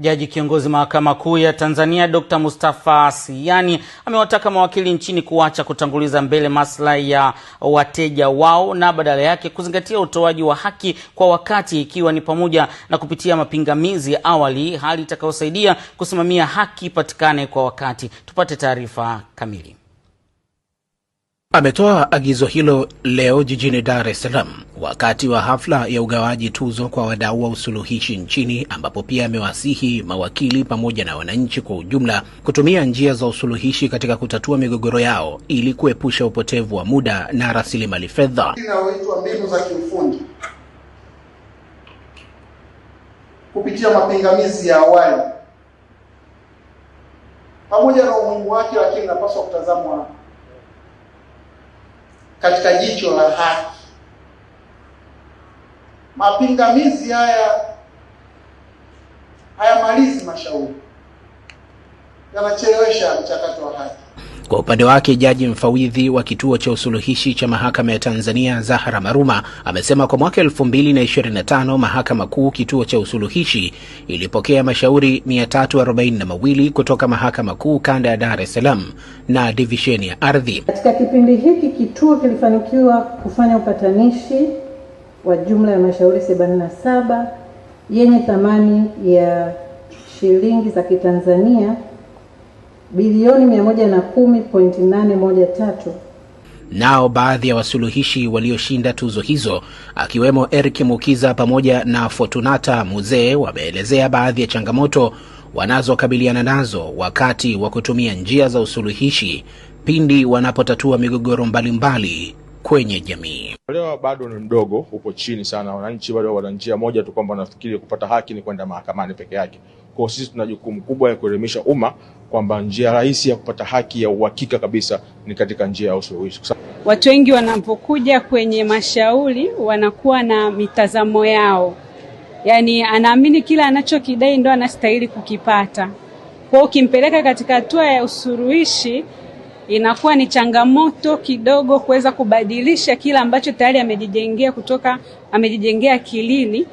Jaji kiongozi mahakama kuu ya Tanzania Dkt. Mustafa Siyani amewataka mawakili nchini kuacha kutanguliza mbele maslahi ya wateja wao na badala yake kuzingatia utoaji wa haki kwa wakati, ikiwa ni pamoja na kupitia mapingamizi ya awali, hali itakayosaidia kusimamia haki ipatikane kwa wakati. Tupate taarifa kamili. Ametoa agizo hilo leo jijini Dar es Salaam wakati wa hafla ya ugawaji tuzo kwa wadau wa usuluhishi nchini, ambapo pia amewasihi mawakili pamoja na wananchi kwa ujumla kutumia njia za usuluhishi katika kutatua migogoro yao ili kuepusha upotevu wa muda na rasilimali fedha. Inayoitwa mbinu za kiufundi kupitia mapingamizi ya awali pamoja na umuhimu wake, lakini napaswa kutazamwa katika jicho la haki. Mapingamizi haya hayamalizi mashauri, yanachelewesha mchakato wa haki. Kwa upande wake jaji mfawidhi wa kituo cha usuluhishi cha mahakama ya Tanzania zahara Maruma amesema kwa mwaka 2025 mahakama kuu kituo cha usuluhishi ilipokea mashauri 342 kutoka mahakama kuu kanda ya Dar es Salaam na divisheni ya ardhi. Katika kipindi hiki kituo kilifanikiwa kufanya upatanishi wa jumla ya mashauri 77 yenye thamani ya shilingi za Kitanzania bilioni 110.813. Nao baadhi ya wasuluhishi walioshinda tuzo hizo akiwemo Eric Mukiza pamoja na Fortunata Muzee wameelezea baadhi ya changamoto wanazokabiliana nazo wakati wa kutumia njia za usuluhishi pindi wanapotatua migogoro mbalimbali kwenye jamii. Leo bado ni mdogo, upo chini sana. Wananchi bado wana njia moja tu kwamba wanafikiri kupata haki ni kwenda mahakamani peke yake. Kwa hiyo sisi tuna jukumu kubwa ya kuelimisha umma kwamba njia rahisi ya kupata haki ya uhakika kabisa ni katika njia ya usuluhishi. Watu wengi wanapokuja kwenye mashauri wanakuwa na mitazamo yao, yaani anaamini kila anachokidai ndo anastahili kukipata. Kwa hiyo ukimpeleka katika hatua ya usuluhishi inakuwa ni changamoto kidogo kuweza kubadilisha kila ambacho tayari amejijengea kutoka amejijengea kilini